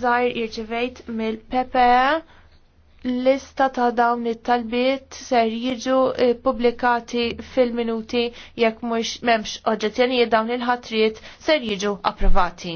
Zajr irċivejt mill pepe lista ta' dawn it-talbiet ser jiġu eh, publikati fil-minuti jekk mhux m'hemmx oġġezzjonijiet dawn il-ħatrijiet ser jiġu approvati.